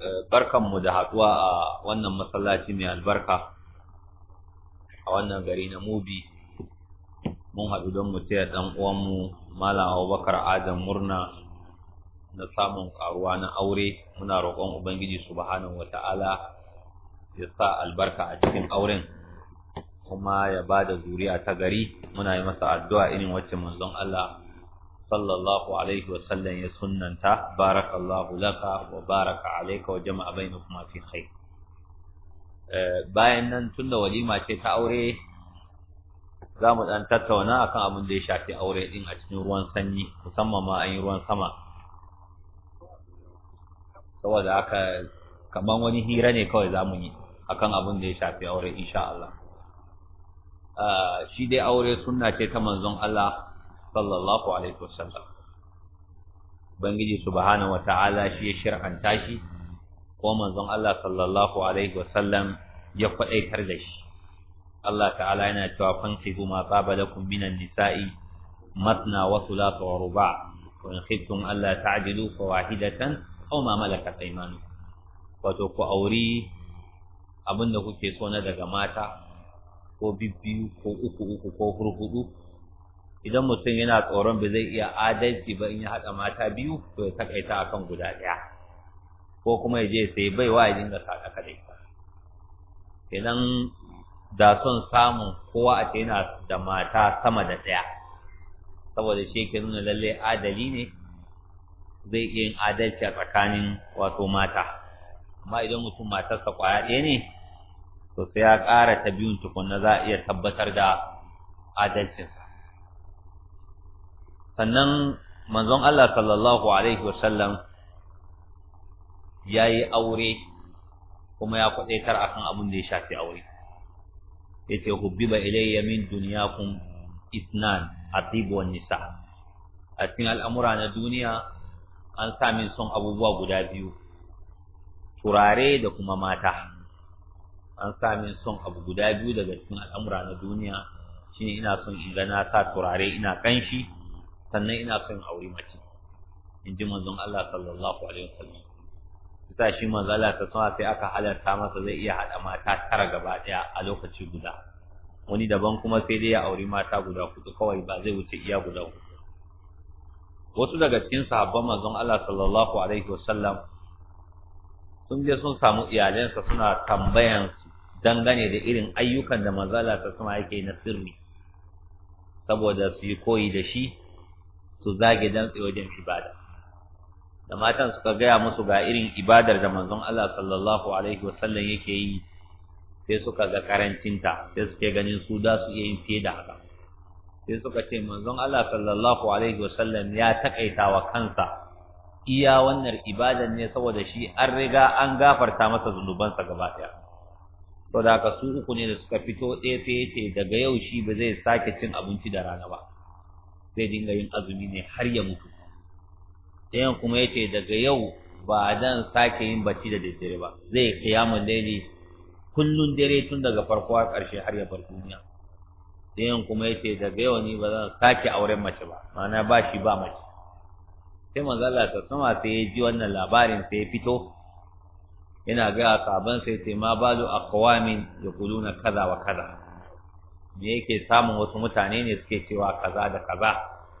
Eh, mu da haɗuwa a wannan masallaci mai albarka a wannan gari na mubi mun haɗu don mu taya ɗan mu malam abubakar adam murna na samun ƙaruwa na aure muna roƙon ubangiji subhanahu wata'ala ya sa albarka a cikin auren kuma ya bada da zuriya ta gari muna yi masa addu'a irin wacce manzon Allah sallallahu alaihi wasallam ya sunnanta barakallahu laka wa baraka alayka wa jama'a bainakuma fi khair eh, bayan nan tunda walima ce ta aure zamu dan tattauna akan abin da ya shafi aure din a cikin ruwan sanyi musamman ma an yi ruwan sama saboda haka kaman wani hira ne kawai zamu yi akan abin da ya shafi aure insha Allah ah, shi dai aure sunna ce ta manzon Allah sallallahu alaihi wasallam ubangiji subhanahu wataala shi ya shir'anta shi ko manzon Allah sallallahu alaihi wasallam ya kwadaitar da shi Allah ta'ala yana cewa fansihu ma tsaba lakum minan nisa'i matna wa thulatha wa ruba' wa in khiftum alla ta'dilu fawahidatan aw ma malakat aymanukum wato ku auri abinda kuke so na daga mata ko bibbiyu ko uku uku ko hurhudu idan mutum yana tsoron ba zai iya adalci ba in ya haɗa mata biyu to ya takaita akan guda ɗaya ko kuma ya je sai baiwa ya dinga saɗa kaɗai idan da son samun kowa a yana da mata sama da ɗaya saboda shi ke nuna lalle adali ne zai iya yin adalci a tsakanin wato mata amma idan mutum matarsa ƙwaya ɗaya ne to sai ya ƙara ta biyun tukunna za a iya tabbatar da adalcinsa sannan manzon Allah sallallahu alaihi wasallam yayi aure kuma ya kwadaitar akan abin da ya shafi aure yace hubbiba ilayya min dunyakum ithnan atibu wan nisa a cikin al'amura na duniya an sa min son abubuwa guda biyu turare da kuma mata an sa min son abu guda biyu daga cikin al'amura na duniya shine ina son in ga na sa turare ina kanshi sannan ina son aure mace in ji manzon Allah sallallahu alaihi wasallam kusa shi manzon Allah ta sanar sai aka halarta masa zai iya haɗa mata tara gaba daya a lokaci guda wani daban kuma sai dai ya auri mata guda hudu kawai ba zai wuce iya guda hudu wasu daga cikin sahabban manzon Allah sallallahu alaihi wasallam sun je sun samu iyalansa suna tambayan su dangane da irin ayyukan da manzon Allah ta sanar yake na sirri saboda su yi koyi da shi su zage dantse wajen ibada da matan suka gaya musu ga irin ibadar da manzon Allah sallallahu alaihi wasallam yake yi sai suka ga karancinta sai suke ganin su da su yin fiye da haka sai suka ce manzon Allah sallallahu alaihi wasallam ya takaita wa kansa iya wannan ibadar ne saboda shi an riga an gafarta masa sa gaba daya saboda haka su uku ne da suka fito ɗaya sai daga yau shi ba zai sake cin abinci da rana ba zai dinga yin azumi ne har ya mutu dayan kuma yace daga yau ba zan sake yin bacci da daddare ba zai mu layli kullun dare tun daga farko har ƙarshe har ya bar duniya dayan kuma yace daga yau ni ba zan sake auren mace ba mana ba shi ba mace sai manzo Allah sama sai ya ji wannan labarin sai ya fito yana ga sahaban sai ce ma balu aqwamin yaquluna kaza wa kaza me yake samun wasu mutane ne suke cewa kaza da kaza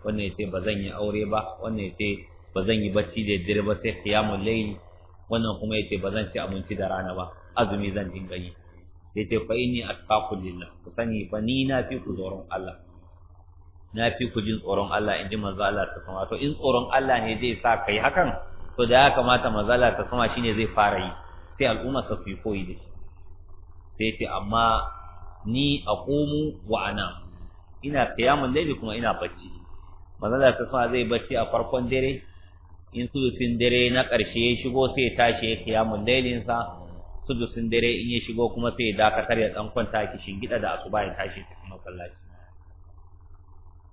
wannan yace zan yi aure ba wannan yace zan yi bacci da dare ba sai qiyamul layl wannan kuma yace zan ci abinci da rana ba azumi zan dinga yi yace fa inni attaqu lillah ku sani fa ni na fi ku tsoron Allah na fi ku jin tsoron Allah inji manzo Allah sama. to in tsoron Allah ne zai sa kai hakan to da ya kamata manzo Allah ta sama shine zai fara yi sai al'umma su fi koyi da shi sai ce amma ni aqumu wa ana ina qiyamul layli kuma ina bacci manzon ta kuma zai bacci a farkon dare in sudusin dare na ƙarshe ya shigo sai ya tashi ya qiyamul laylin sa sudusin dare in ya shigo kuma sai ya dakatar ya dan kwanta ki shingida da asuba ya tashi ta sallaci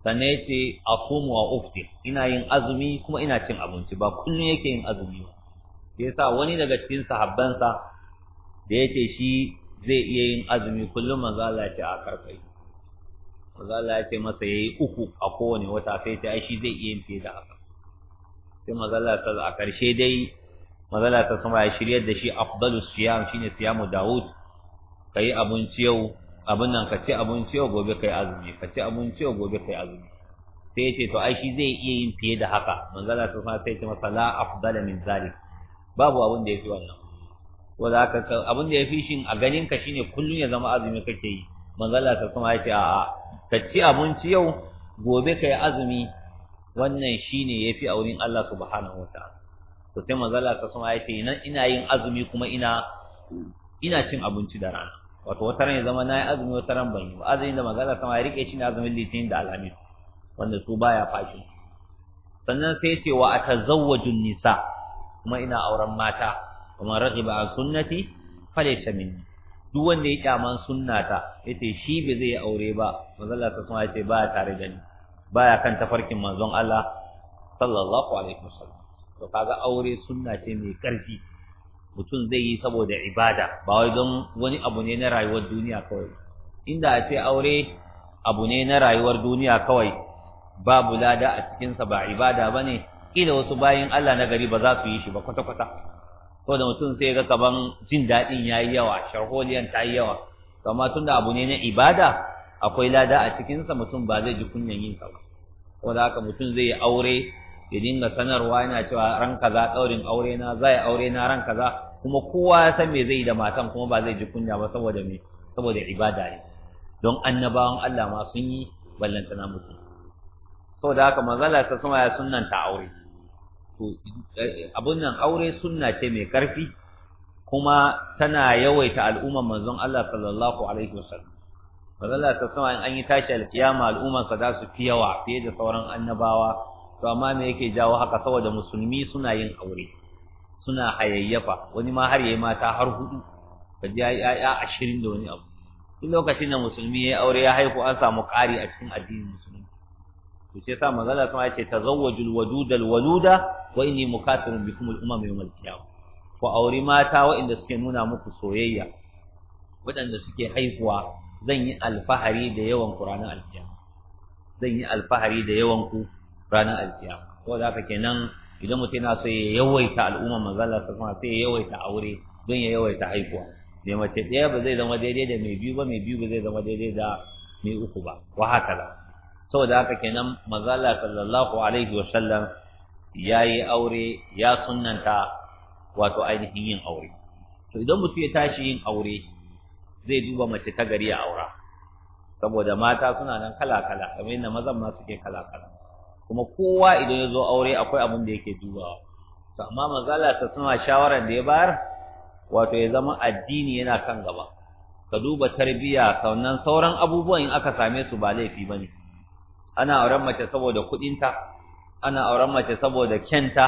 sannan yace aqumu wa ufti ina yin azumi kuma ina cin abinci ba kullun yake yin azumi ba yasa wani daga cikin sahabbansa da yake shi zai iya yin azumi kullum manzo Allah ya ce a karkai manzo Allah ya ce masa yayi uku a kowane wata sai ta shi zai iya yin fiye da haka sai manzo Allah ya a karshe dai manzo Allah sama ya shiryar da shi afdalu siyam shine siyamu Dawud kai abinci yau abin nan ka ci abinci yau gobe kai azumi ka ci abinci yau gobe kai azumi sai ya ce to ai shi zai iya yin fiye da haka manzo Allah ta sama sai ya ce masa la afdala min zalik babu abin da yake wannan wanda aka abin da ya fi shin a ganin ka shine kullun ya zama azumi kake yi manzo Allah ta kuma yace a'a ka ci abinci yau gobe kai azumi wannan shine yafi a wurin Allah subhanahu wataala to sai manzo Allah ta kuma yace ina yin azumi kuma ina ina cin abinci da rana wato wata ran ya zama na yi azumi wata ran ban yi ba azumi da manzo Allah sama ya rike shi ne azumin litinin da alamin wanda su baya fashi sannan sai ya ce wa atazawwajun nisa kuma ina auren mata kuma raghiba an sunnati falaysa minni duk wanda ya kyaman sunnata yace shi ba zai aure ba manzon Allah sallallahu ya ba tare da ni baya kan tafarkin manzon Allah sallallahu alaihi wasallam to kaga aure sunna ce mai karfi mutum zai yi saboda ibada ba wai don wani abu ne na rayuwar duniya kawai inda a ce aure abu ne na rayuwar duniya kawai babu lada a cikinsa ba ibada bane kila wasu bayin Allah na gari ba za su yi shi ba kwata-kwata ko da mutum sai ga kaman jin daɗin ya yi yawa sharholiyan ta yi yawa amma tun da abu ne na ibada akwai lada a cikinsa mutum ba zai ji kunyan yin sa ba ko da haka mutum zai yi aure ya dinga sanarwa yana cewa ran kaza ɗaurin aure na za aure na ran kaza kuma kowa ya san me zai yi da matan kuma ba zai ji kunya ba saboda me saboda ibada ne don annabawan Allah ma sun yi ballantana mutum saboda haka manzala ta sama ya sunnanta aure Abin nan aure sunna ce mai ƙarfi. kuma tana yawaita al'umman manzon Allah sallallahu alaihi wasallam bazalla ta sama in an yi tashi alkiyama al'umman sa da su fi yawa fiye da sauran annabawa to amma me yake jawo haka saboda musulmi suna yin aure suna hayayyafa wani ma har yayi mata har hudu kaji yayi ya 20 da wani abu duk lokacin da musulmi yayi aure ya haihu an samu ƙari a cikin addinin musulmi. to sai sa manzala sun ce tazawwajul wadudal waluda wa inni mukatirun bikum al-umam yawm al-qiyamah ku auri mata inda suke nuna muku soyayya waɗanda suke haihuwa zan yi alfahari da yawan Qur'anin ranar alkiyama zan yi alfahari da yawan ku ranar ko da haka kenan idan mutum yana so ya yawaita al-umam manzo Allah sallallahu alaihi wasallam sai ya yawaita aure don ya yawaita haihuwa mai mace ɗaya ba zai zama daidai da mai biyu ba mai biyu ba zai zama daidai da mai uku ba wa haka saboda haka kenan manzo Allah sallallahu alaihi wasallam yayi aure ya sunnanta wato ainihin yin aure to idan mutum ya tashi yin aure zai duba mace ta gari a aura saboda mata suna nan kala-kala kamar yadda mazan ma suke kala-kala kuma kowa idan ya zo aure akwai abin da yake dubawa to amma mazala ta suna shawaran da ya bayar wato ya zama addini yana kan gaba ka duba tarbiyya sannan sauran abubuwan in aka same su ba laifi bane ana auren mace saboda ta ana auren mace saboda kyanta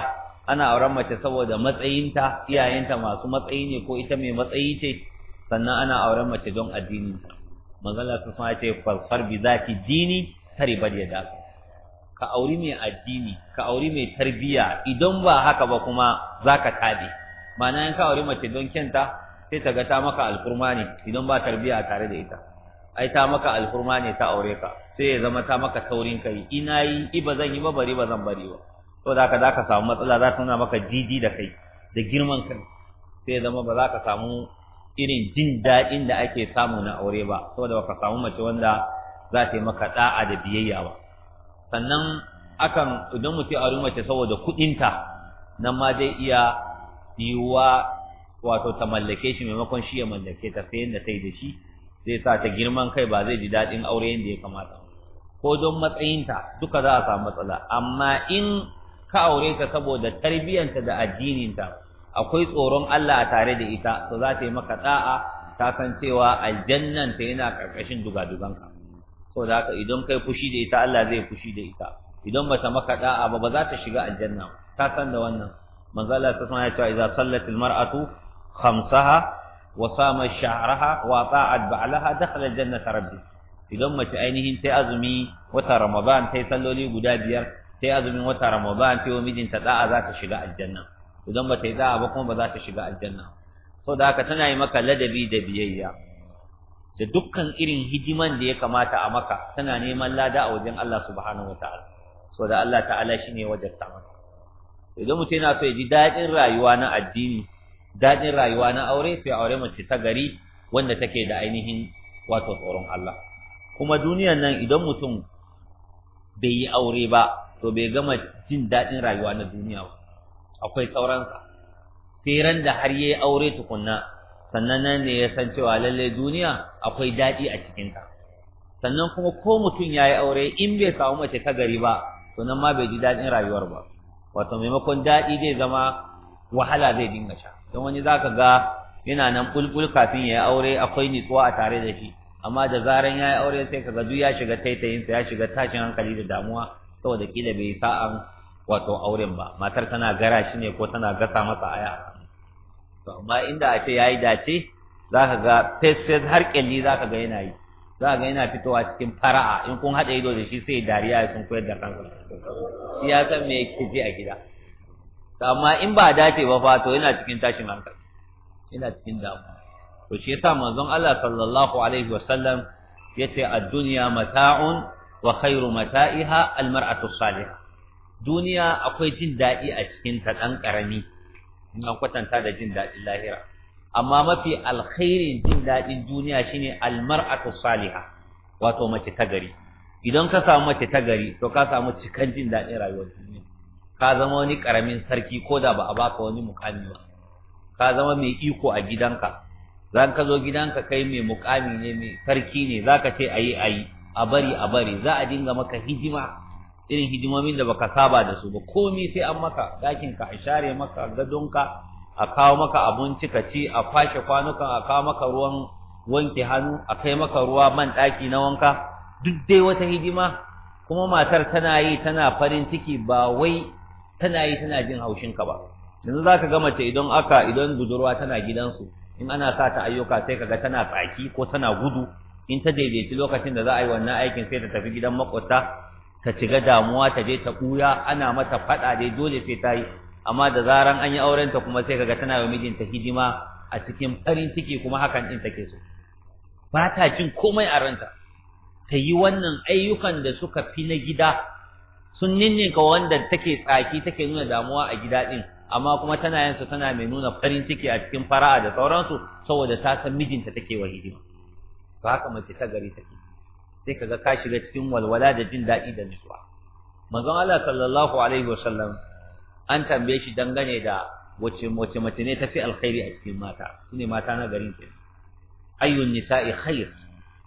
ana auren mace saboda matsayinta iyayenta masu matsayi ne ko ita mai matsayi ce sannan ana auren mace don addini magana su sun ce falsafar bi zaki dini bar ya da ka auri mai addini ka auri mai tarbiya idan ba haka ba kuma zaka tabe ma'ana in ka auri mace don kyanta sai ta ga ta maka alkurma ne idan ba tarbiya tare da ita ai ta maka alkurma ne ta aure ka sai ya zama ta maka taurin kai ina yi iba zan yi ba bari ba zan bari ba to da haka za ka samu matsala za ta nuna maka jiji da kai da girman kai sai ya zama ba za ka samu irin jin daɗin da ake samu na aure ba saboda ba ka samu mace wanda za ta yi maka da'a da biyayya ba sannan akan idan mutum aure mace saboda kuɗinta nan ma zai iya yiwuwa wato ta mallake shi maimakon shi ya mallake ta sai yadda ta yi da shi zai sa ta girman kai ba zai ji daɗin aure yadda ya kamata ko don matsayinta duka za a samu matsala amma in ka aure ta saboda tarbiyyanta da addininta akwai tsoron Allah a tare da ita to za ta yi maka da'a ta san cewa aljannan ta yana karkashin dugaduganka so da haka idan kai fushi da ita Allah zai fushi da ita idan bata maka da'a ba ba za ta shiga aljanna ta san da wannan manzo Allah ta sanar cewa idza sallatil mar'atu khamsaha wa sama sha'raha wa ta'at ba'laha dakhala aljannata rabbi idan mace ainihin ta azumi wata ramadan ta salloli guda biyar ta azumin wata ramadan ta yi mijinta da'a za ta shiga aljanna idan ba da'a ba kuma ba za ta shiga aljanna so da haka tana yi maka ladabi da biyayya da dukkan irin hidiman da ya kamata a maka tana neman lada a wajen Allah subhanahu wataala so da Allah ta'ala shine wajarta maka idan mutum yana so ya ji daɗin rayuwa na addini daɗin rayuwa na aure sai aure mace ta gari wanda take da ainihin wato tsoron Allah kuma duniyar nan idan mutum bai yi aure ba to bai gama jin daɗin rayuwa na duniya ba akwai sauransa sai ran da har yi aure tukunna sannan nan ne ya san cewa lalle duniya akwai daɗi a cikinta sannan kuma ko mutum ya yi aure in bai samu mace ta gari ba to nan ma bai ji daɗin rayuwar ba wato maimakon daɗi zai zama wahala zai dinga sha don wani zaka ga yana nan bulbul kafin ya yi aure akwai nitsuwa a tare da shi amma da zaran yayi aure sai kaga duk ya shiga taitayin sa ya shiga tashin hankali da damuwa saboda kila bai sa'an wato auren ba matar tana gara shi ne ko tana gasa masa aya to amma inda a ce yayi dace zaka ga face face har kelli zaka ga yana yi za ga yana fitowa cikin fara'a in kun haɗa ido da shi sai dariya ya sun koyar da kansa shi ya san me yake ji a gida To amma in ba dace ba fa to yana cikin tashin hankali yana cikin damuwa to shi yasa manzon Allah sallallahu alaihi wasallam yace ad-dunya mata'un wa khairu mata'iha al-mar'atu salihah duniya akwai jin dadi a cikin ta dan karami in kwatanta da jin dadin lahira amma mafi alkhairin jin dadin duniya shine al-mar'atu salihah wato mace ta gari idan ka samu mace ta gari to ka samu cikan jin dadin rayuwar duniya ka zama wani karamin sarki ko da ba a baka wani mukami ba ka zama mai iko a gidanka zan ka zo gidanka kai mai mukami ne mai sarki ne zaka ce ayi ayi a bari a bari za a dinga maka hidima irin hidimomin da baka saba da su ba komai sai an maka dakin ka a share maka gadonka a kawo maka abinci ka ci a fashe kwanuka a kawo maka ruwan wanke hannu a kai maka ruwa man daki na wanka duk dai wata hidima kuma matar tana yi tana farin ciki ba wai tana yi tana jin haushinka ba yanzu zaka ga mace idan aka idan budurwa tana gidansu in ana sa ta ayyuka sai kaga tana tsaki ko tana gudu in ta daidaici lokacin da za a yi wannan aikin sai ta tafi gidan makwata ta ciga damuwa ta je ta kuya ana mata fada dai dole sai ta yi amma da zaran an yi auren ta kuma sai kaga tana wa mijinta hidima a cikin farin ciki kuma hakan din take so ba ta jin komai a ranta ta yi wannan ayyukan da suka fi na gida sun ninninka wanda take tsaki take nuna damuwa a gida din amma kuma tana yin su tana mai nuna farin ciki a cikin fara'a da sauransu saboda ta san mijinta take wa hidima to haka mace ta gari take sai kaga ka shiga cikin walwala da jin daɗi da nutsuwa manzon Allah sallallahu alaihi wasallam an tambaye shi dangane da wace wace mace ne tafi alkhairi a cikin mata sune mata na garin ke ayyun nisa'i khair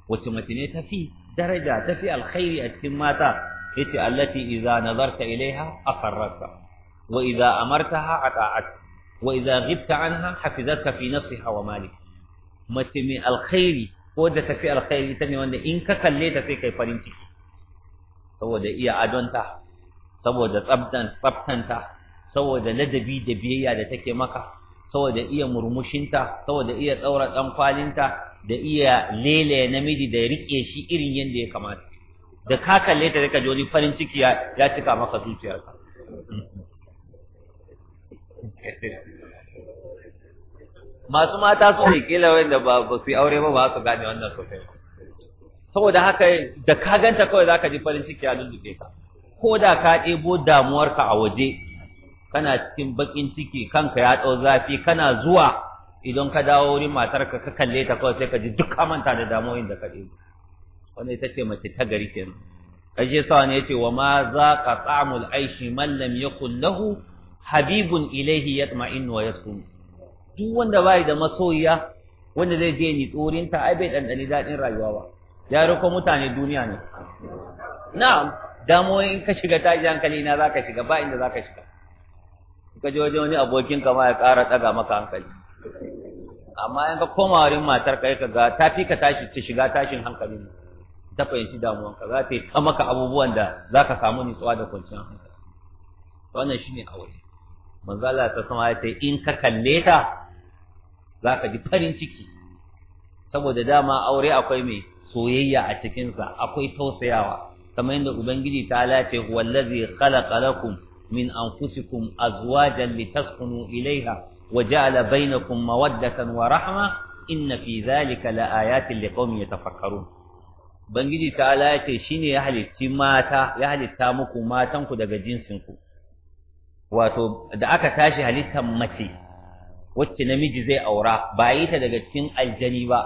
wace mace ne tafi daraja tafi alkhairi a cikin mata yace allati idza nazarta ilaiha asarrata wa idza amartaha ata'at wa idza ghibta anha hafizatka fi nafsiha wa malik mace mai alkhairi ko da tafi alkhairi ta ne wanda in ka kalle ta sai kai farin ciki saboda iya adonta saboda tsabtan tsabtanta saboda ladabi da biyayya da take maka saboda iya murmushinta saboda iya tsaura dan kwalinta da iya lele na namiji da rike shi irin yanda ya kamata da ka kalle ta daga jori farin ciki ya cika maka zuciyarka masu mata su ne kila wanda ba ba su yi aure ba ba su gane wannan sosai saboda haka da ka ganta kawai zaka ji farin ciki ya lullube ka ko da ka ɗebo damuwarka a waje kana cikin bakin ciki kanka ya ɗau zafi kana zuwa idan ka dawo wurin matarka ka kalle ta kawai sai ka ji duk amanta da damuwoyin da ka ɗebo ita ce mace ta gari kenan kaje sawa ne ce wa ma za ka tsamul aishi Mallam ya kullahu? habibun ilaihi yatma'innu wa yasqum duk wanda bai da masoyiya wanda zai je ni tsorin ta ai bai dandani dadin rayuwa ba ya rako mutane duniya ne na'am damo in ka shiga ta ji hankali na zaka shiga ba inda zaka shiga ka je wajen wani abokin ka ma ya ƙara daga maka hankali amma in ka koma wurin matar kai ka ga ta fi ka tashi ta shiga tashin hankali ne ta fahimci damuwanka za ta yi ta maka abubuwan da za ka samu nutsuwa da kwanciyar hankali wannan shi ne a waje manzo Allah ta sama ya ce in ka kalle ta zaka ji farin ciki saboda dama aure akwai mai soyayya a cikin sa akwai tausayawa kamar yadda ubangiji ta lace wallazi khalaqa lakum min anfusikum azwajan litaskunu ilaiha wa ja'ala bainakum mawaddatan wa rahma inna fi zalika laayatin liqaumin yatafakkarun ubangiji ta lace shine ya halicci mata ya halitta muku matanku daga jinsinku wato da aka tashi halittar mace wacce namiji zai aura ba yi ta daga cikin aljani ba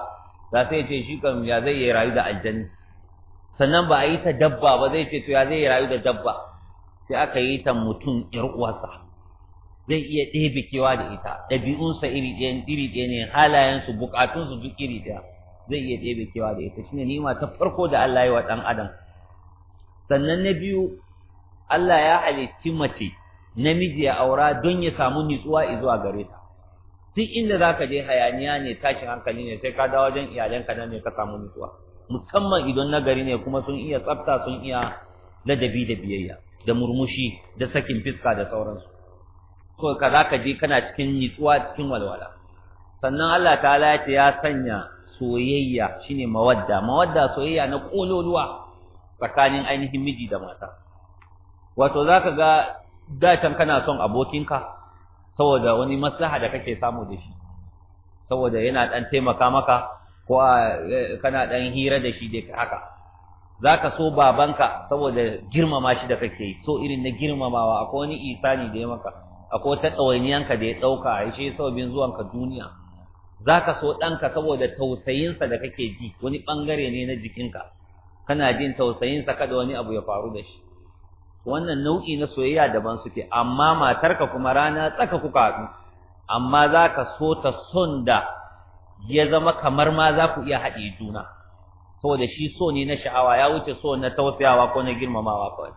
za sai ce shi kan ya zai yi rayu da aljani sannan ba a yi ta dabba ba zai ce to ya zai yi rayu da dabba sai aka yi ta mutum ƴar uwarsa zai iya ɗebe kewa da ita ɗabi'unsa iri ɗaya iri ɗaya ne halayensu buƙatunsu duk iri ɗaya zai iya ɗebe kewa da ita shine ni'ima ta farko da Allah ya wa ɗan adam sannan na biyu Allah ya halicci mace namiji ya aura don ya samu nutsuwa zuwa gare ta duk inda zaka je hayaniya ne tashin hankali ne sai ka dawo wajen iyalanka nan ne ka samu nutsuwa musamman idan na gari ne kuma sun iya tsafta sun iya ladabi da biyayya da murmushi da sakin fiska da sauransu ko ka zaka je kana cikin nutsuwa cikin walwala sannan Allah ta'ala ya ce ya sanya soyayya shine mawadda mawadda soyayya na kololuwa tsakanin ainihin miji da mata wato zaka ga da can kana son abokinka saboda wani maslaha da kake samu da shi saboda yana dan taimaka maka ko eh, kana dan hira da shi dai haka zaka so babanka saboda girmama shi da kake so irin na girmamawa akwai wani isani da ya maka akwai ta tsawainiyanka da ya dauka ya ce sababin zuwanka duniya zaka so danka saboda tausayinsa da kake ji wani bangare ne na jikinka kana jin tausayinsa kada wani abu ya faru da shi wannan nau'i na soyayya daban suke amma matarka kuma rana tsaka kuka haɗu amma za ka so ta son da ya zama kamar ma za ku iya haɗe juna saboda shi so ne na sha'awa ya wuce so na tausayawa ko na girmamawa kawai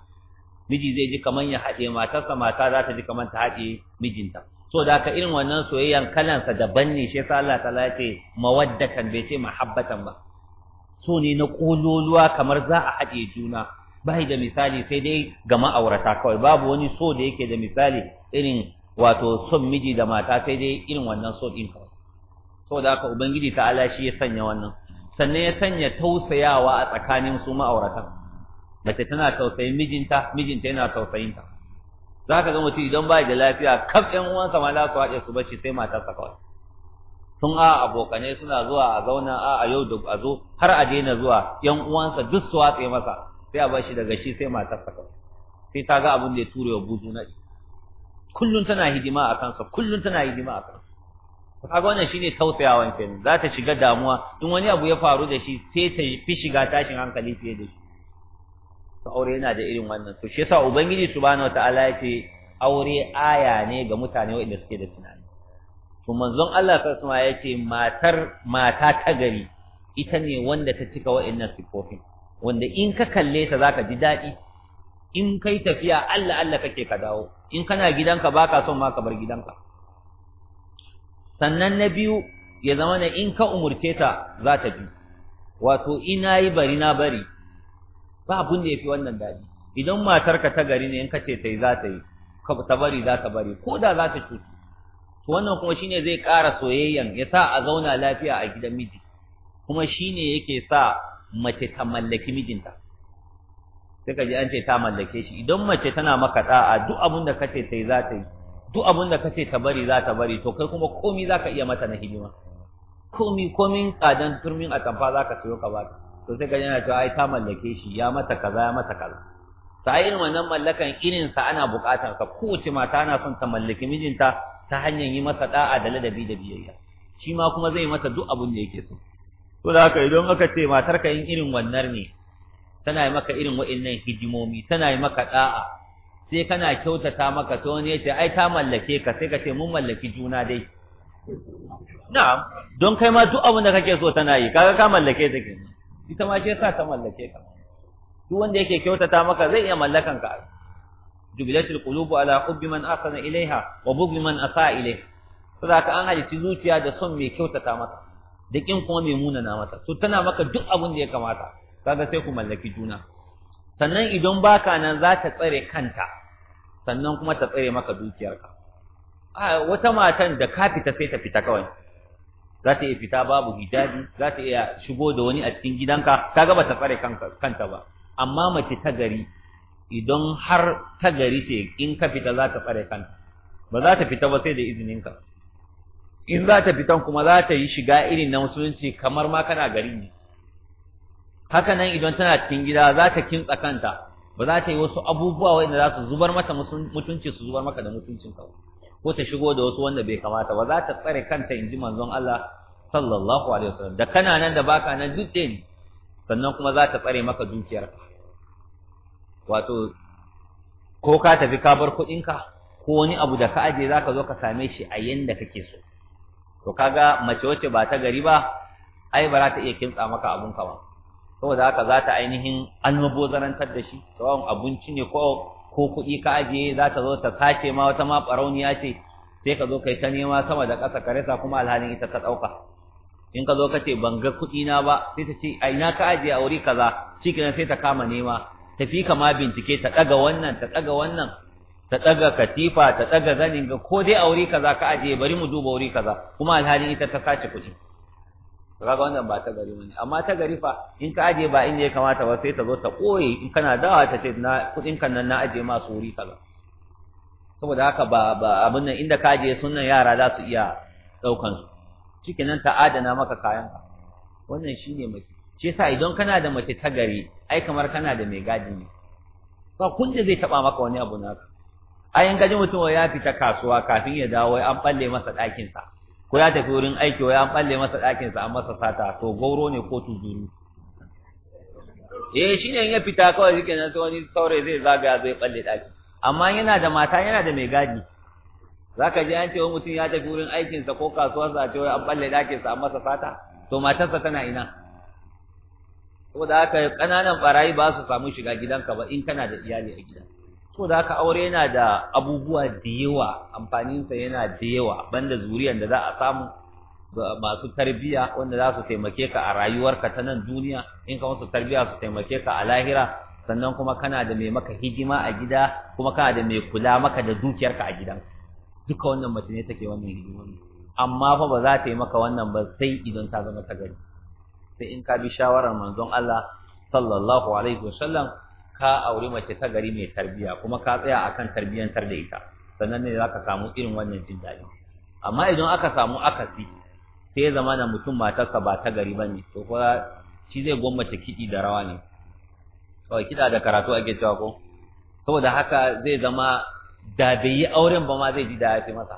miji zai ji kamar ya haɗe matarsa mata za ta ji kamar ta haɗe mijinta so da ka irin wannan soyayyan kalansa daban ne shi yasa Allah ta lafi mawaddatan bai ce mahabbatan ba so ne na kololuwa kamar za a haɗe juna bai da misali sai dai ga ma'aurata kawai babu wani so da yake da misali irin wato son miji da mata sai dai irin wannan so din kawai saboda haka ubangiji ta'ala shi ya sanya wannan sannan ya sanya tausayawa a tsakanin su ma'aurata mace tana tausayin mijinta mijinta yana tausayinta ka ga mutum idan bai da lafiya kaf 'yan uwansa ma za su haɗe su bacci sai matarsa kawai tun a abokanai suna zuwa a zauna a yau da a zo har a daina zuwa yan uwansa duk su watse masa sai a shi daga shi sai matarsa kawai sai ta ga abin da ya ture wa buzu na kullun tana hidima a kansa kullun tana hidima a kansa ga wannan shine tausayawan kenan za ta shiga damuwa in wani abu ya faru da shi sai ta fi shiga tashin hankali fiye da shi to aure yana da irin wannan to shi yasa ubangiji subhanahu wataala ce aure aya ne ga mutane waɗanda suke da tunani to manzon Allah sallallahu alaihi wasallam ce matar mata ta gari ita ne wanda ta cika waɗannan sifofin wanda in ka kalle ta zaka ji daɗi in kai tafiya Allah Allah kake ka dawo in kana gidanka baka son ma ka bar gidanka sannan na biyu ya zama ne in ka umurce ta za ta bi wato ina yi bari na bari ba abun da yafi wannan daɗi idan matarka ta gari ne in ka ce ta za ta yi ta bari za ta bari ko da za ta cutu to wannan kuma shine zai ƙara soyayyan ya sa a zauna lafiya a gidan miji kuma shine yake sa mace ta mallaki mijinta sai ka ji an ce ta mallake shi idan mace tana maka da'a duk abin da kace tai za ta yi duk abin da kace ta bari za ta bari to kai kuma komai za ka iya mata na hidima komai komai tsadan turmin atamfa za ka siyo ka ba to sai ka ji ana cewa ai ta mallake shi ya mata kaza ya mata kaza ta irin wannan mallakan irin sa ana bukatar sa kowace mata ana son ta mallaki mijinta ta hanyar yi masa da'a da ladabi da biyayya shi ma kuma zai mata duk abin da yake so ko da haka idan aka ce matarka in irin wannan ne tana yi maka irin wa'annan hidimomi tana yi maka da'a sai kana kyautata maka sai wani yace ce ai ta mallake ka sai ka ce mun mallaki juna dai na'am don kai ma duk abin da kake so tana yi kaga ka mallake ta ke ita ma shi yasa ta mallake ka duk wanda yake kyautata maka zai iya mallakan ka jubilatul qulubu ala hubbi man ahsana ilaiha wa bughi man asa ilaiha saboda an halici zuciya da son mai kyautata maka. da kin kuma mai na mata to tana maka duk abin da ya kamata kaga sai ku mallaki juna sannan idan baka nan za ta tsare kanta sannan kuma ta tsare maka dukiyarka a wata matan da ka fita sai ta fita kawai za ta iya fita babu hijabi za ta iya shigo da wani a cikin gidanka kaga ba ta tsare kanta ba amma mace ta gari idan har ta gari ce in ka fita za ta tsare kanta ba za ta fita ba sai da izininka in za ta fitan kuma za ta yi shiga irin na musulunci kamar ma kana gari ne haka nan idan tana cikin gida za ta kintsa kanta ba za ta yi wasu abubuwa wanda za su zubar mata mutunci su zubar maka da mutuncin ka ko ta shigo da wasu wanda bai kamata ba za ta tsare kanta in ji manzon Allah sallallahu alaihi wasallam da kana nan da baka nan duk ne sannan kuma za ta tsare maka dukiyar wato ko ka tafi ka bar kuɗinka ko wani abu da ka aje za ka zo ka same shi a yanda kake so to kaga mace wacce ba ta gari ba ai ba za ta iya kintsa maka abun ka ba saboda haka za ta ainihin almubozarantar da shi sawan abinci ne ko kuɗi ka ajiye za ta zo ta sace ma wata ma ɓarauniya ce sai ka zo kai ta nema sama da ƙasa ka rasa kuma alhalin ita ka ɗauka in ka zo ka ce ban ga kuɗi na ba sai ta ce ai na ka ajiye a wuri kaza shikenan sai ta kama nema tafi kama bincike ta ɗaga wannan ta ɗaga wannan ta ɗaga katifa ta ɗaga zanin ga ko dai a wuri kaza ka ajiye bari mu duba wuri kaza kuma alhali ita ta sace kuɗi kaga wannan ba ta gari bane amma ta gari fa in ka ajiye ba inda ya kamata ba sai ta zo ta koye in kana dawa ta ce na kuɗin kan nan na ajiye ma su wuri kaza saboda haka ba ba abin nan inda ka ajiye sunan yara za su iya ɗaukan su nan ta adana maka kayan ka wannan shine mace shi yasa idan kana da mace ta gari ai kamar kana da mai gadi ne ba kun da zai taba maka wani abu naka ai in kaji mutum ya fita kasuwa kafin ya dawo wai an balle masa ɗakin sa ko ya tafi wurin aiki wai an balle masa ɗakin sa an masa sata to gauro ne ko tuzuru eh shine in ya fita kawai yake nan sai wani saurayi zai zagaya zai balle ɗakin amma yana da mata yana da mai gadi zaka ji an ce wani mutum ya tafi wurin aikin sa ko kasuwarsa a ce an balle ɗakin sa an masa sata to matarsa tana ina saboda haka ƙananan barayi ba su samu shiga gidanka ba in kana da iyali a gidanka so da haka aure yana da abubuwa da yawa amfaninsa yana da yawa banda zuriyar da za a samu masu tarbiya wanda za su taimake ka a rayuwarka ta nan duniya in ka wasu tarbiya su taimake ka a lahira sannan kuma kana da mai maka hidima a gida kuma kana da mai kula maka da dukiyarka a gidan duka wannan mace ne take wannan hidima amma fa ba za ta yi maka wannan ba sai idan ta zama ta gari sai in ka bi shawarar manzon Allah sallallahu alaihi wasallam ka auri mace ta gari mai tarbiya kuma ka tsaya akan tarbiyantar da ita sannan ne zaka samu irin wannan jin daɗi amma idan aka samu akasi sai ya zama na mutum matarsa ba ta gari bane to kuma shi zai gwammace kiɗi da rawa ne kawai kiɗa da karatu ake cewa ko saboda haka zai zama da bai yi auren ba ma zai ji da ya fi masa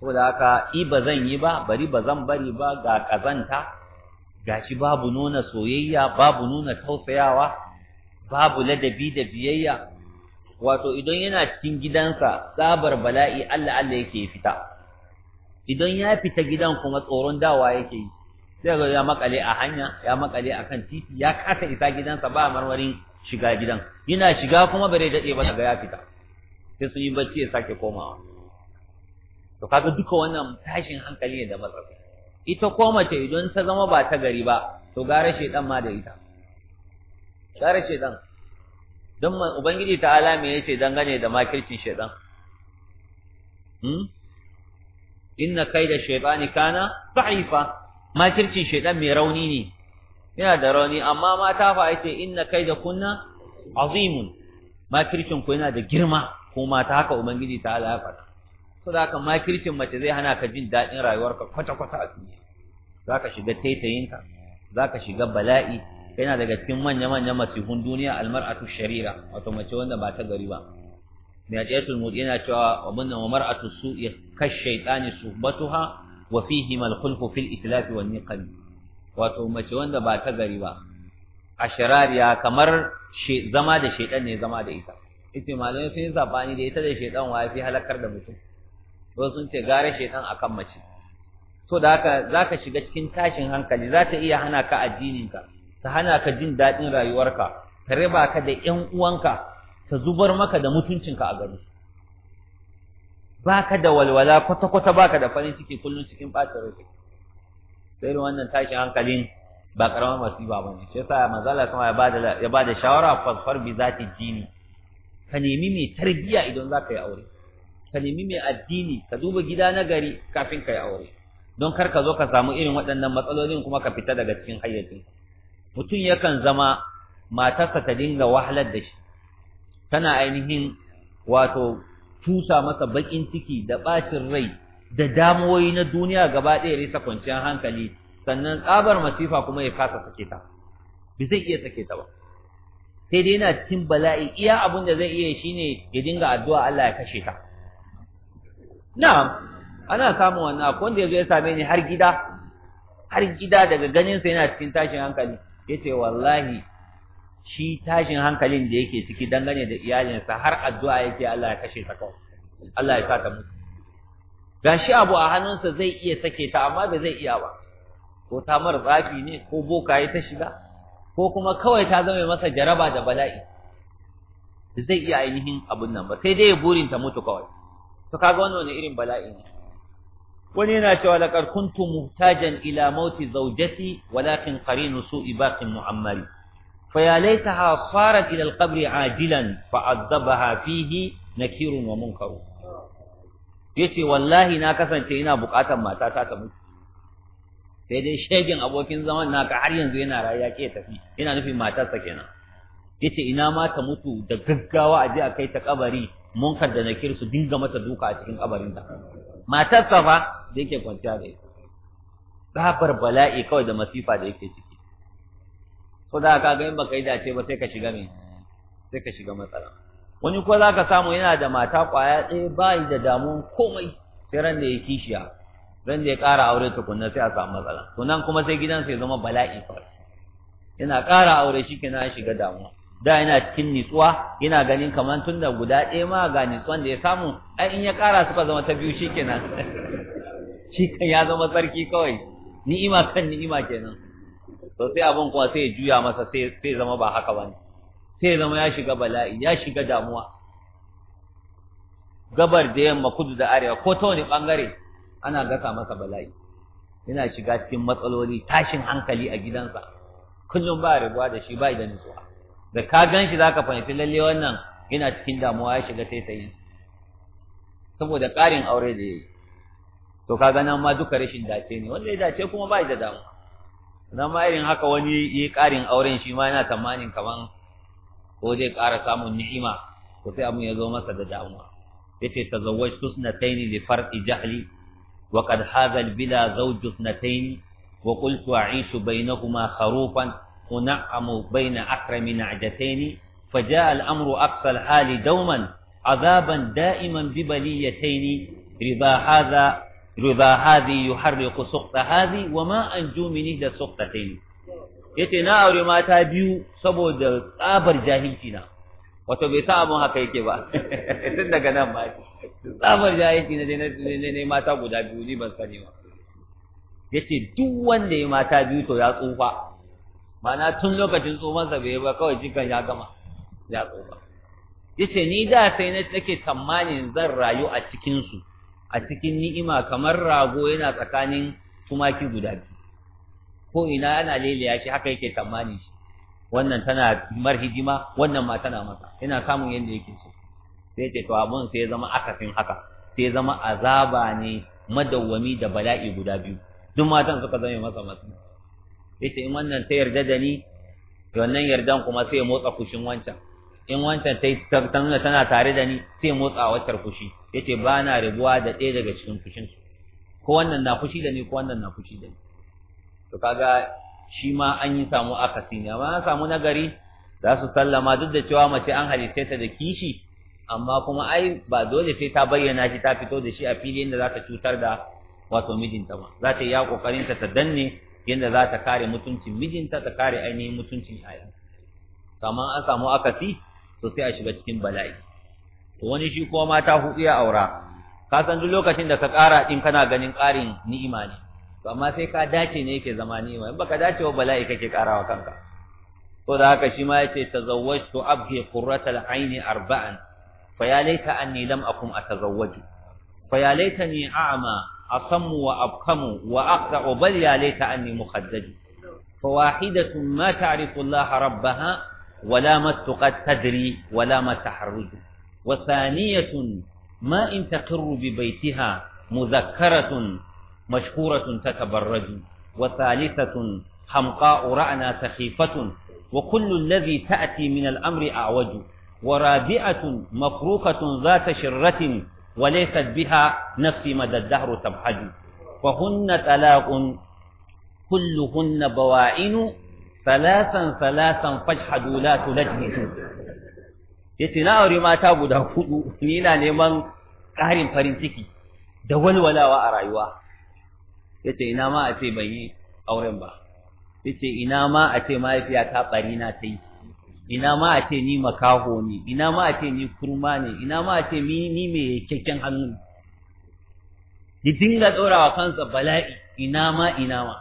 saboda haka i ba zan yi ba bari ba zan bari ba ga kazanta gashi babu nuna soyayya babu nuna tausayawa babu ladabi da biyayya wato idan yana cikin gidansa tsabar bala'i Allah Allah yake fita idan ya fita gidan kuma tsoron dawa yake yi sai ga ya makale a hanya ya makale akan titi ya kasa isa gidansa ba marmarin shiga gidan yana shiga kuma bare dade ba ga ya fita sai sun yi bacci ya sake komawa to kaga duka wannan tashin hankali ne da matsala. ita ko mace idan ta zama ba ta gari ba to gara shedan ma da ita share shedan don ubangiji ta'ala me yace dangane da makircin shedan hmm inna kaida shaytani kana da'ifa makircin shedan mai rauni ne yana da rauni amma mata fa yace inna da kunna azimun makircin ku yana da girma ko ta haka ubangiji ta'ala ya faɗa saboda haka makircin mace zai hana ka jin daɗin rayuwarka kwata-kwata a duniya zaka shiga taitayinka zaka shiga bala'i yana daga cikin manya-manyan masihun duniya almar'atu sharira wato mace wanda ba ta gari ba miyatul mudi yana cewa abunna wa mar'atu su'i kash shaytani suhbatuha wa fihi mal khulfu fil itlaf wan niqab wato mace wanda ba ta gari ba A shirariya kamar zama da shaytan ne zama da ita ita malai yi zabani da ita da shaytan wa fi halakar da mutum wasu sun ce gare shaytan akan mace so da haka zaka shiga cikin tashin hankali za ta iya hana ka addininka ta hana ka jin daɗin rayuwarka ta raba ka da ƴan uwanka ta zubar maka da mutuncinka a gari baka da walwala kwata kwata baka da farin ciki kullun cikin bacin rai sai wannan tashin hankalin ba karamar ba bane shi yasa manzo sama ya bada ya shawara fasfar bi zati dini ka nemi mai tarbiya idan zaka yi aure ka nemi mai addini ka duba gida na gari kafin ka yi aure don kar ka zo ka samu irin waɗannan matsalolin kuma ka fita daga cikin hayyacinka mutum yakan zama matarsa ta dinga wahalar da shi tana ainihin wato tusa masa bakin ciki da bacin rai da damuwoyi na duniya gaba ɗaya risa kwanciyar hankali sannan tsabar masifa kuma ya kasa sake ta bi zai iya sake ta ba sai dai yana cikin bala'i iya abin da zai iya ne ya dinga addu'a Allah ya kashe ta na ana samun wannan akwai wanda zo ya same ni har gida har gida daga ganin sa yana cikin tashin hankali yace wallahi shi tashin hankalin da yake ciki dangane da iyalinsa har addu'a yake Allah ya kashe ta kawai Allah ya saka mutu gashi abu a hannunsa zai iya sake ta amma bai zai iya ba ko ta mar zafi ne ko yi ta shiga ko kuma kawai ta zama masa jaraba da bala'i zai iya ainihin abun nan ba sai dai ya burin ta mutu kawai to kaga wannan wani irin bala'i ne wani yana cewa laƙar kuntu muhtajan ila mauti zaujati walakin qarinu su'i baqin mu'ammari fa ya laitaha sarat ila alqabri ajilan fa azabaha fihi nakirun wa munkaru yace wallahi na kasance ina buƙatar matata ta mutu sai dai shegin abokin zaman naka har yanzu yana rayuwa ke tafi yana nufin sa kenan yace ina ma ta mutu da gaggawa aje a kai ta kabari munkar da nakir su dinga mata duka a cikin kabarin ta matarsa fa da yake kwanciya da ita tsabar bala'i kawai da masifa da yake ciki ko da ka ga in baka yi dace ba sai ka shiga me sai ka shiga matsala wani ko za ka samu yana da mata kwaya ɗaya bayi da damuwan komai sai ran da ya kishiya ran da ya ƙara aure tukunna sai a samu matsala to kuma sai gidansa ya zama bala'i kawai yana ƙara aure shi kenan ya shiga damuwa da yana cikin nitsuwa yana ganin kamar da guda ɗaya ma ga nitsuwan da ya samu ai in ya ƙara suka zama ta biyu shikenan shi kan ya zama sarki kawai ni'ima kan ni'ima kenan to sai abin kuma sai ya juya masa sai sai zama ba haka bane sai zama ya shiga bala'i ya shiga damuwa gabar da yamma kudu da arewa ko ta wani bangare ana gasa masa bala'i yana shiga cikin matsaloli tashin hankali a gidansa kullum ba rabuwa da shi ba da nutsuwa da ka gan shi zaka fahimci lalle wannan yana cikin damuwa ya shiga taitayin saboda ƙarin aure da yayi to ka nan ma duka rashin dace ne wanda ya dace kuma ba da damuwa dan ma irin haka wani yi ƙarin auren shi ma yana tamanin kaman ko zai ƙara samun ni'ima ko sai abun ya zo masa da damuwa yace tazawwajtu sunatayn li farqi jahli wa qad hadha al bila zawju sunatayn wa qultu a'ishu bainahuma kharufan أنعم بين أكرم نعجتين فجاء الأمر أقصى الحال دوما عذابا دائما ببليتين رضا هذا رضا هذه يحرق سقط هذه وما أنجو من إحدى سقطتين yace na aure mata biyu saboda tsabar jahilci na wato bai sa abin haka yake ba tun daga nan ba tsabar jahilci na ne mata guda biyu ni ban sani ba yace duk wanda ya mata biyu to ya tsufa Ba na tun lokacin tsomansa bai ba kawai jikan ya gama ya tsoba ce ni da sai na take tsammanin zan rayu a cikinsu. a cikin ni'ima kamar rago yana tsakanin tumaki guda biyu ko ina ana leliya shi haka yake tsammanin shi wannan tana mar hidima wannan ma tana masa yana samun yadda yake so sai ce to abun sai ya zama akasin haka sai ya zama azaba ne madawwami da bala'i guda biyu duk matan suka zame masa masu yace in wannan ta yarda da ni wannan yardan kuma sai ya motsa kushin wancan in wancan ta ta nuna tana tare da ni sai motsa wancan kushi yace ba na rabuwa da ɗaya daga cikin kushin su ko wannan na kushi da ni ko wannan na kushi da ni to kaga shi ma an yi samu akasi ne amma an samu nagari za su sallama duk da cewa mace an halitta ta da kishi amma kuma ai ba dole sai ta bayyana shi ta fito da shi a fili inda za ta cutar da wato mijinta ba za ta yi ya kokarin ta danne yadda za ta kare mutuncin mijinta ta kare ainihin mutuncin yayan Kama an samu akasi to sai a shiga cikin bala'i to wani shi kuma mata hudu ya aura ka san duk lokacin da ka kara din kana ganin karin ni'ima ne to amma sai ka dace ne yake zama ni'ima in baka dace wa bala'i kake ƙarawa kanka so da haka shi ma yace tazawwajtu abhi qurratal aini arba'an fa ya laita anni lam akum atazawwaju fa ya laitani a'ma أصم وأبكم وأقطع بل يا ليت أني مخدج فواحدة ما تعرف الله ربها ولا ما قد تدري ولا ما تحرج وثانية ما إن تقر ببيتها مذكرة مشكورة تتبرج وثالثة حمقاء رأنا سخيفة وكل الذي تأتي من الأمر أعوج ورابعة مفروخة ذات شرة وليست بها نفسي مدى الدهر تمحج فهن طلاق كلهن بواعن ثلاثا ثلاثا فاجحدوا لا تلجهجوا yace na aure mata guda hudu ni na neman ƙarin farin ciki da walwalawa a rayuwa yace ina ma a ce bai yi auren ba yace ina ma a ce mahaifiya ta bari na ta yi ina ma a ce ni makaho ne ina ma a ce ni kurma ne ina ma a ce ni mai kyakken hannu ya dinga tsorawa kansa bala'i ina ma ina ma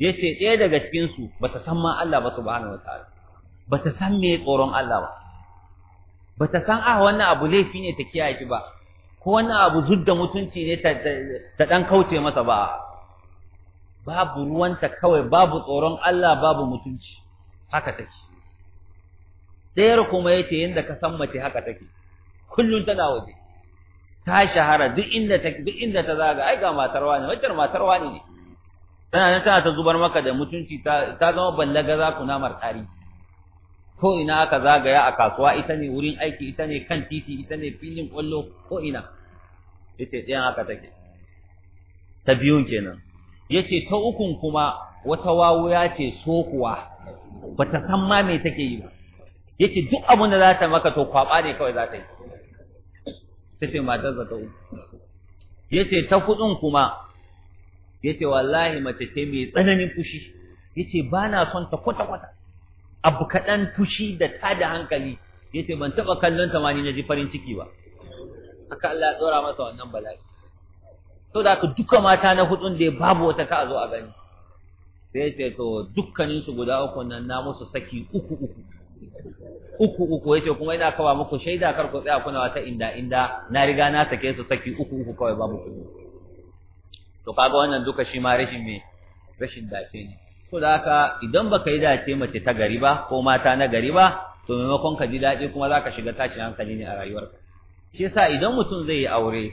ya ce ɗaya daga cikinsu ba ta san ma Allah ba subhanahu wa ta'ala ba ta san me tsoron Allah ba ba ta san ah wannan abu laifi ne ta kiyaye shi ba ko wannan abu zudda mutunci ne ta ɗan kauce masa ba babu ruwanta kawai babu tsoron Allah babu mutunci haka take dayar kuma yace inda ka san mace haka take kullun tana waje ta shahara duk inda ta duk inda ta zaga ai ga matar wani wacce matar wani ne tana nan tana ta zubar maka da mutunci ta ta zama ballaga za ku namar tari ko ina aka zagaya a kasuwa ita ne wurin aiki ita ne kan titi ita ne filin kwallo ko ina yace ɗayan haka take ta biyun kenan yace ta ukun kuma wata wawuya ce sokuwa bata san ma me take yi ba yace duk abin da za ta maka to kwaba ne kawai za ta yi ce matar za ta yace ta kudin kuma yace wallahi mace ce mai tsananin fushi yace ba na son ta kwata kwata abu kaɗan fushi da tada hankali yace ban taɓa kallon ta ma ni na ji farin ciki ba haka Allah ya tsora masa wannan bala'i saboda haka duka mata na hudun da babu wata ka a zo a gani sai ce to dukkanin su guda uku nan na musu saki uku uku uku uku yace kuma ina kawa muku shaida kar ku tsaya kuna wata inda inda na riga na sake su saki uku uku kawai babu kuɗi to kaga wannan duka shi ma rashin me rashin dace ne to da haka idan baka yi dace mace ta gari ba ko mata na gari ba to maimakon ka ji daɗi kuma zaka shiga tashin hankali ne a rayuwarka shi yasa idan mutum zai yi aure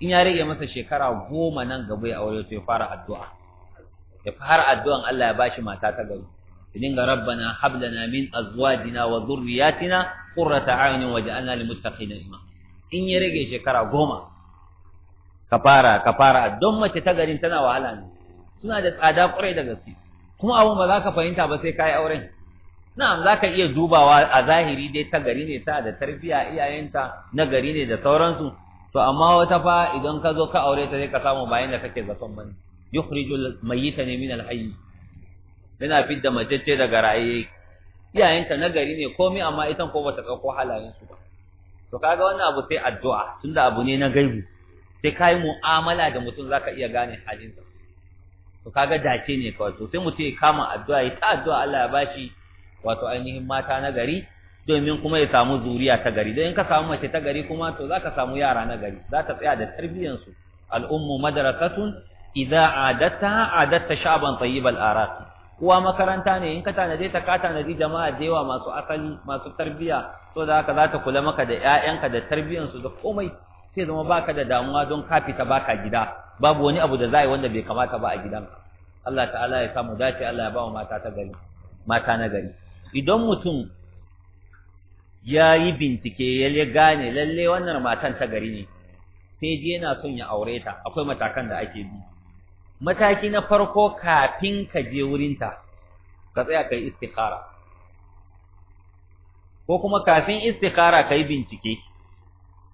in ya rage masa shekara goma nan gaba ya aure to ya fara addu'a ya fi har addu'an Allah ya bashi mata ta gari dinga rabbana hablana min azwajina wa dhurriyyatina qurrata wa ja'alna lil muttaqina imama in ya rage shekara goma kafara kafara don mace ta garin tana wahala ne suna da tsada ƙwarai da gaske kuma abun ba za ka fahimta ba sai kai auren na'am za ka iya dubawa a zahiri dai ta gari ne ta da tarbiya iyayenta na gari ne da sauransu to amma wata fa idan ka zo ka aure ta sai ka samu bayan da kake zaton bane yukhrijul mayyita ne min alhayy yana fidda majacce daga raye iyayenta nagari ne komai amma ita ko bata ga ko halayen su ba to kaga wannan abu sai addu'a tunda abu ne na gaibu sai kai mu'amala da mutum zaka iya gane halin sa to kaga dace ne kawai to sai mutum ya kama addu'a ya ta addu'a Allah ya bashi wato ainihin mata na gari domin kuma ya samu zuriya ta gari don in ka samu mace ta gari kuma to zaka samu yara na gari za ta tsaya da tarbiyyansu al'ummu madrasatun idza adatta adatta shaban tayyibal araq kuwa makaranta ne in ka tanade ta ka tanadi jama'a da yawa masu asali masu tarbiya to da haka za ta kula maka da ƴaƴanka da tarbiyan su da komai sai zama baka da damuwa don ka fita baka gida babu wani abu da zai wanda bai kamata ba a gidanka Allah ta'ala ya samu dace Allah ya ba mu mata ta gari mata na gari idan mutum ya yi bincike ya gane lalle wannan matan ta gari ne sai je yana son ya aure ta akwai matakan da ake bi mataki na farko kafin ka je wurinta ka tsaya kai istikhara ko kuma kafin istikhara kai bincike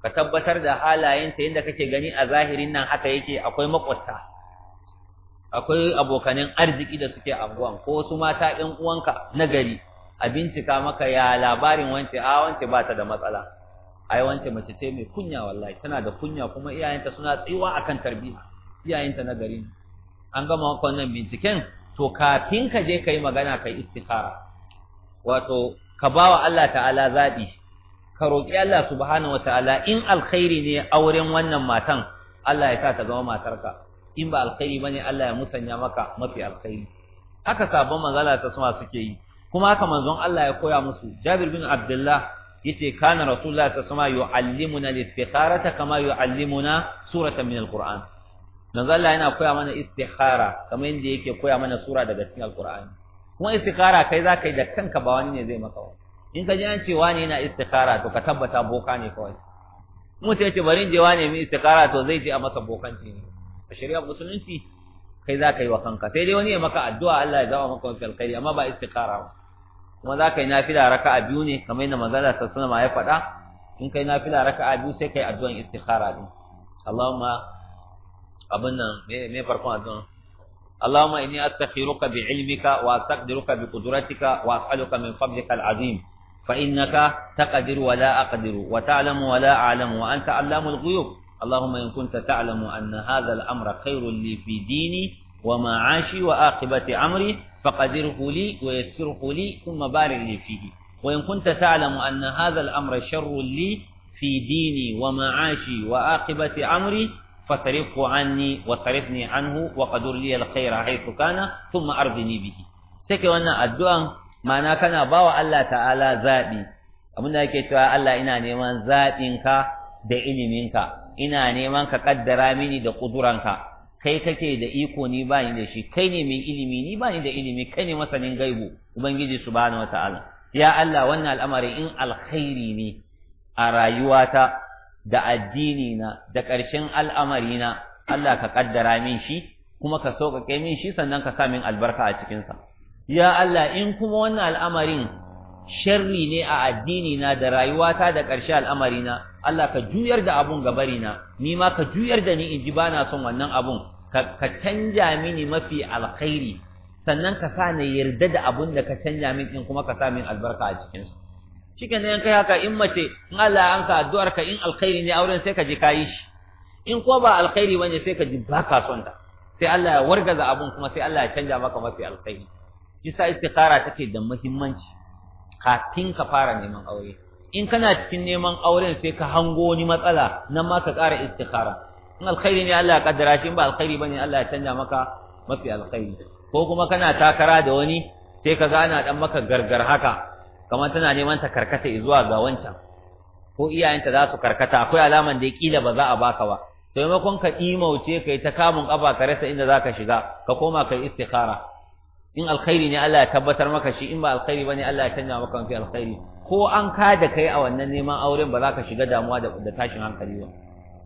ka tabbatar da halayenta yadda kake gani a zahirin nan haka yake akwai makwatta akwai abokanin arziki da suke abuwan ko su mata ɗan uwanka na gari a bincika maka ya labarin wance a ah, wance ba ta da matsala ai wance mace ce mai kunya wallahi tana da kunya kuma iyayenta suna tsayuwa akan tarbiyya iyayenta na gari ne an gama wannan binciken to kafin ka je kai magana kai istikhara wato ka bawa Allah ta'ala zabi ka roki Allah subhanahu wataala in alkhairi ne auren wannan matan Allah ya sa ta zama matarka in ba alkhairi bane Allah ya musanya maka mafi alkhairi haka sabon manzala ta suma suke yi kuma haka manzon Allah ya koya musu Jabir bin Abdullah yace kana rasulullahi sallallahu alaihi wasallam yu'allimuna al-istikharata kama yu'allimuna surata min al-Qur'an manzo Allah yana koya mana istikhara kamar yadda yake koya mana sura daga cikin alqur'ani kuma istikhara kai za ka yi da kanka ba wani ne zai maka ba in ka ji an ce wani yana istikhara to ka tabbata boka ne kawai mu ya ce bari in je wani mai istikhara to zai je a masa bokanci ne a shari'ar musulunci kai za ka yi wa kanka sai dai wani ya maka addu'a Allah ya zama maka mafi alkhairi amma ba istikhara ba kuma za ka yi nafila raka'a biyu ne kamar yadda manzo Allah sallallahu alaihi wasallam ya faɗa in kai nafila raka'a biyu sai kai addu'an istikhara din Allahumma abin nan me farkon addu'a Allahumma inni astakhiruka bi ilmika wa astaqdiruka bi qudratika wa as'aluka min fadlika al'azim fa innaka taqdiru wa la aqdiru wa ta'lamu wa la a'lamu wa anta 'allamul ghuyub Allahumma in kunta ta'lamu anna hadha al-amra khairun li fi dini wa ma'ashi wa aqibati amri faqdirhu li wa yassirhu li thumma barik li fihi وإن كنت تعلم أن هذا الأمر شر لي في ديني ومعاشي وآقبة أمري fasarifhu anni wasarifni anhu wa qadur li alkhaira haythu kana thumma ardini bihi wannan addu'an ma'ana kana bawa Allah ta'ala zabi abinda yake cewa Allah ina neman zabin ka da ilimin ka ina neman ka ƙaddara mini da kuduran ka kai kake da iko ni ba ni da shi kai ne mai ilimi ni ba da ilimi kai ne masanin gaibu ubangiji subhanahu wataala ya Allah wannan al'amari in alkhairi ne a rayuwata da addini na da ƙarshen al'amari na Allah ka kaddara min shi kuma ka sauƙaƙe min shi sannan ka sa min albarka a cikinsa ya Allah in kuma wannan al'amarin sharri ne a addini na da rayuwata da ƙarshe al'amari na Allah ka juyar da abun gabari na ni ma ka juyar da ni in ji bana son wannan abun ka canja mini mafi alkhairi sannan ka sa ni yarda da abun da ka canja min din kuma ka sa min albarka a cikinsa shike ne kai haka in mace in Allah an ka addu'ar ka in alkhairi ne auren sai ka je kayi shi in ko ba alkhairi bane sai ka ji baka son ta sai Allah ya wargaza abun kuma sai Allah ya canja maka mafi alkhairi isa istikhara take da muhimmanci kafin ka fara neman aure in kana cikin neman auren sai ka hango wani matsala nan ma ka ƙara istikhara in alkhairi ne Allah ya kaddara shi in ba alkhairi bane Allah ya canja maka mafi alkhairi ko kuma kana takara da wani sai ka ga ana dan maka gargar haka kamar tana neman ta karkata zuwa ga wancan ko iyayenta za su karkata akwai alaman da ya kila ba za a baka ba to maimakon ka imauce ta kamun ƙafa, ka rasa inda zaka shiga ka koma kai istikhara in alkhairi ne Allah ya tabbatar maka shi in ba alkhairi ne Allah ya canja maka mafi alkhairi ko an ka da kai a wannan neman auren ba za ka shiga damuwa da tashin hankali ba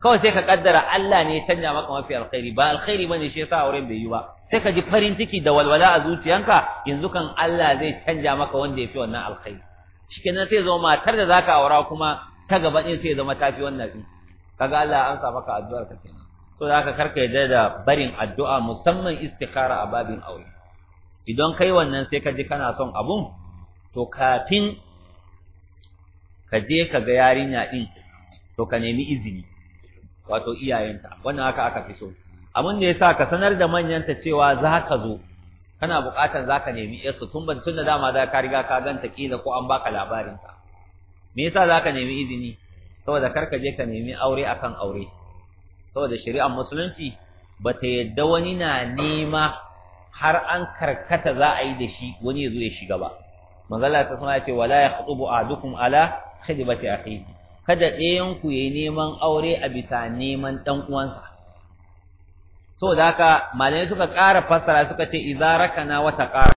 kawai sai ka kaddara Allah ne ya canja maka mafi alkhairi ba alkhairi bane shi yasa auren bai yi ba sai ka ji farin ciki da walwala a zuciyanka yanzu kan Allah zai canja maka wanda yafi wannan alkhairi shikenan sai zama matar da zaka aura kuma ta gaba din sai zama tafi wannan din kaga Allah an sa maka addu'ar ka kenan to haka karka yadda da barin addu'a musamman istikhara a babin aure idan kai wannan sai ka ji kana son abun to kafin ka je ka ga yarinya din to ka nemi izini wato iyayenta wannan haka aka fi so abin da yasa ka sanar da manyan ta cewa za ka zo kana buƙatar za ka nemi yarsu tun ban tun da dama za ka riga ka ganta kila ko an baka labarinta me yasa za ka nemi izini saboda kar ka je ka nemi aure akan aure saboda shari'ar musulunci ba ta yadda wani na nema har an karkata za a yi da shi wani ya zo ya shiga ba manzala ta sama ya ce wala ya khutubu ahadukum ala khidmati akhihi kada ɗayan ku yayi neman aure a bisa neman ɗan uwansa so da haka malamai suka ƙara fassara suka ce idza rakana wa ƙara.